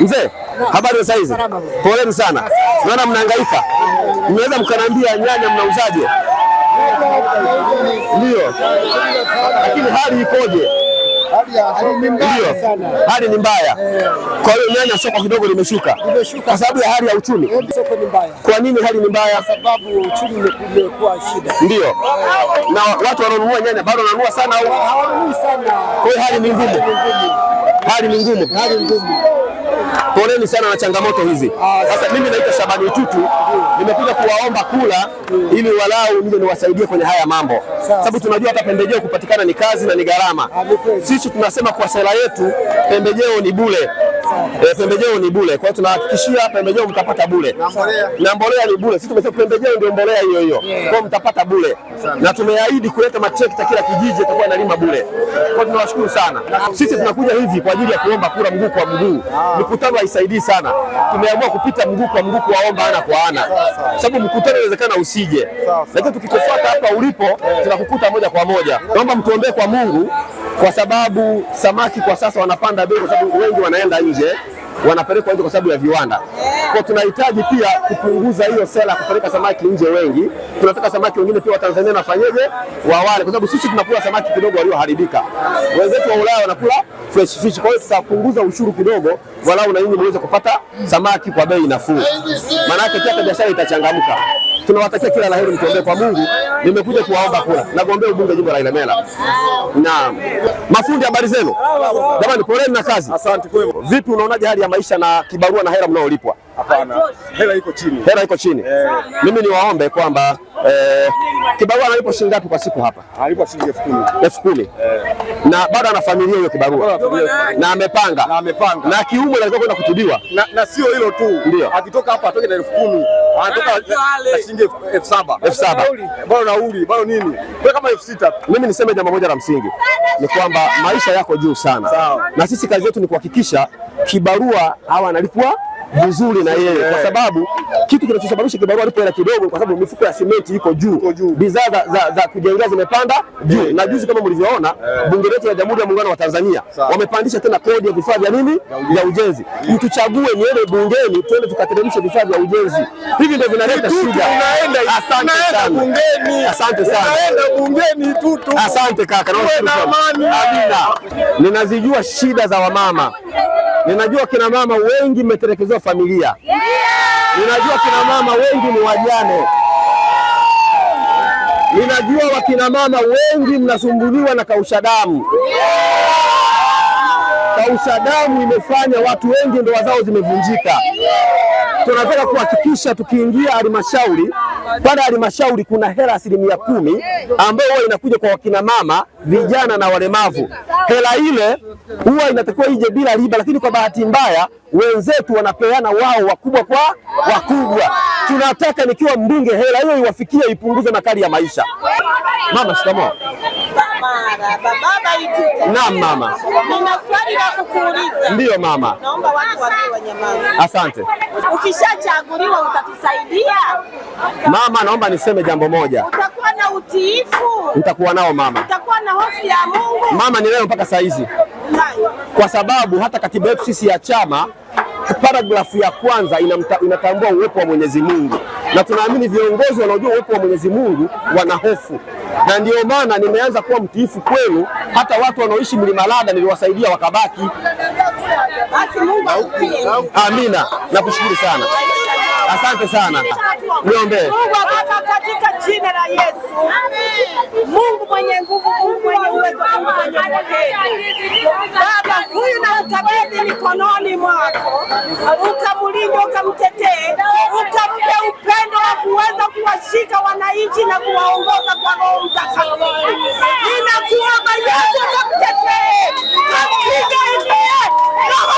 Mzee, habari za saizi? Poleni sana, naona mnahangaika. Mnaweza mkanambia nyanya mnauzaje? Ndio, lakini hali ikoje? Ndio, hali ni mbaya. Kwa hiyo nyanya soko kidogo limeshuka kwa sababu ya hali ya uchumi. Kwa nini hali ni mbaya? Ndio, na watu wanaonunua nyanya bado wananunua sana au? Kwa hiyo hali ni ngumu, hali ni ngumu. Poleni sana na changamoto hizi. Ah, Sasa mimi naitwa Shabani Tutu, nimekuja kuwaomba kula ili walau nije niwasaidie kwenye haya mambo, sababu tunajua hata pembejeo kupatikana ni kazi na ni gharama. Ah, Sisi tunasema kwa sera yetu pembejeo ni bure. E, pembejeo ni bure. Kwa hiyo tunahakikishia pembejeo mtapata bure na mbolea ni bure. Sisi tumesema pembejeo ndio mbolea hiyo hiyo, yeah. Kwa mtapata bure na tumeahidi kuleta matrekta kila kijiji atakuwa analima bure. Kwa hiyo tunawashukuru sana. Sisi tunakuja hivi kwa ajili ya kuomba kura mguu kwa mguu, ah. mikutano haisaidii sana. Tumeamua kupita mguu kwa mguu kuwaomba ana kwa ana, sababu mkutano inawezekana usije, lakini tukitofuata hapa ulipo eh. tunakukuta moja kwa moja. Naomba mtuombee kwa Mungu kwa sababu samaki kwa sasa wanapanda bei, kwa sababu wengi wanaenda nje, wanapelekwa nje kwa sababu ya viwanda. Kwa tunahitaji pia kupunguza hiyo sera ya kupeleka samaki nje wengi. Tunataka samaki wengine pia Watanzania nafanyeje, wawale, kwa sababu sisi tunakula samaki kidogo walioharibika, wenzetu wa Ulaya wanakula fresh fish. Kwa hiyo tutapunguza ushuru kidogo, walau na nyinyi mweze kupata samaki kwa bei nafuu, maanake pia biashara itachangamka tunawatakia kila laheri, mtuombee kwa Mungu. Nimekuja kuwaomba kula, nagombea ubunge jimbo la Ilemela. Na mafundi, habari zenu jamani, poleni na kazi. Asante. Vipi, unaonaje hali ya maisha na kibarua na hela mnaolipwa? Hapana, hela iko chini, hela iko chini. Eh. Mimi niwaombe kwamba Eh, kibarua analipo shilingi ngapi kwa siku hapa? Analipo shilingi elfu kumi. Elfu kumi. Eh. Na bado ana familia hiyo kibarua. Na amepanga. Na amepanga. Na kiume anataka kwenda kutibiwa. Na, na sio hilo tu. Ndio. Akitoka hapa atoke na elfu kumi. Anatoka na shilingi elfu saba. Elfu saba. Bado nauli, bado nini? Kwa kama elfu sita. Mimi niseme jambo moja la msingi ni kwamba maisha yako juu sana. Sao. Na sisi kazi yetu ni kuhakikisha kibarua hawa analipwa vizuri na yeye, kwa eh. sababu kitu kinachosababisha kibarua alipo hela kidogo, kwa sababu mifuko ya simenti iko juu, bidhaa za, za, za kujengea zimepanda juu eh. Na juzi kama mlivyoona eh. Bunge letu la Jamhuri ya Muungano wa Tanzania wamepandisha tena kodi ya vifaa vya nini vya ujenzi yeah. Mtuchague niende bungeni, twende tukateremsha vifaa vya ujenzi. Hivi ndio vinaleta shida. Asante sana bungeni, asante sana bungeni tutu, asante kaka. Amina, ninazijua shida za wamama Ninajua kina mama wengi mmetelekezewa familia, ninajua kina mama wengi ni wajane, ninajua wakina mama wengi mnasumbuliwa na kausha damu. Kausha damu imefanya watu wengi ndoa zao zimevunjika. Tunataka kuhakikisha tukiingia halmashauri pale halmashauri kuna hela asilimia kumi ambayo huwa inakuja kwa wakina mama, vijana na walemavu. Hela ile huwa inatakiwa ije bila riba, lakini kwa bahati mbaya wenzetu wanapeana wao wakubwa kwa wakubwa. Tunataka nikiwa mbunge hela hiyo iwafikie, ipunguze makali ya maisha. Mama, shikamoo. Naam mama. Nina swali la kukuuliza. Ndiyo mama. Naomba watu wawe wanyamaza. Asante. Ukishachaguliwa utatusaidia? Mama, naomba niseme jambo moja. Utakuwa na utiifu? Nitakuwa nao mama. Utakuwa na hofu ya Mungu? Mama, ni leo mpaka saa hizi, kwa sababu hata katiba yetu sisi ya chama paragrafu ya kwanza inamta, inatambua uwepo wa Mwenyezi Mungu na tunaamini viongozi wanaojua uwepo wa Mwenyezi Mungu wana hofu, na ndio maana nimeanza kuwa mtiifu kwenu. Hata watu wanaoishi Mlimalada niliwasaidia wakabaki. Amina, nakushukuru sana. Asante sana. Niombe. Mungu katika jina la Yesu. Mungu mwenye nguvu, Mungu mwenye uwezo, Mungu mwenye upendo. Baba, huyu na utabezi mikononi mwako, ukamlinde, ukamtetee, ukampe upendo wa kuweza kuwashika wananchi na kuwaongoza kwa Roho Mtakatifu. Ninakuomba Yesu, ukamtetee, ukampige Roho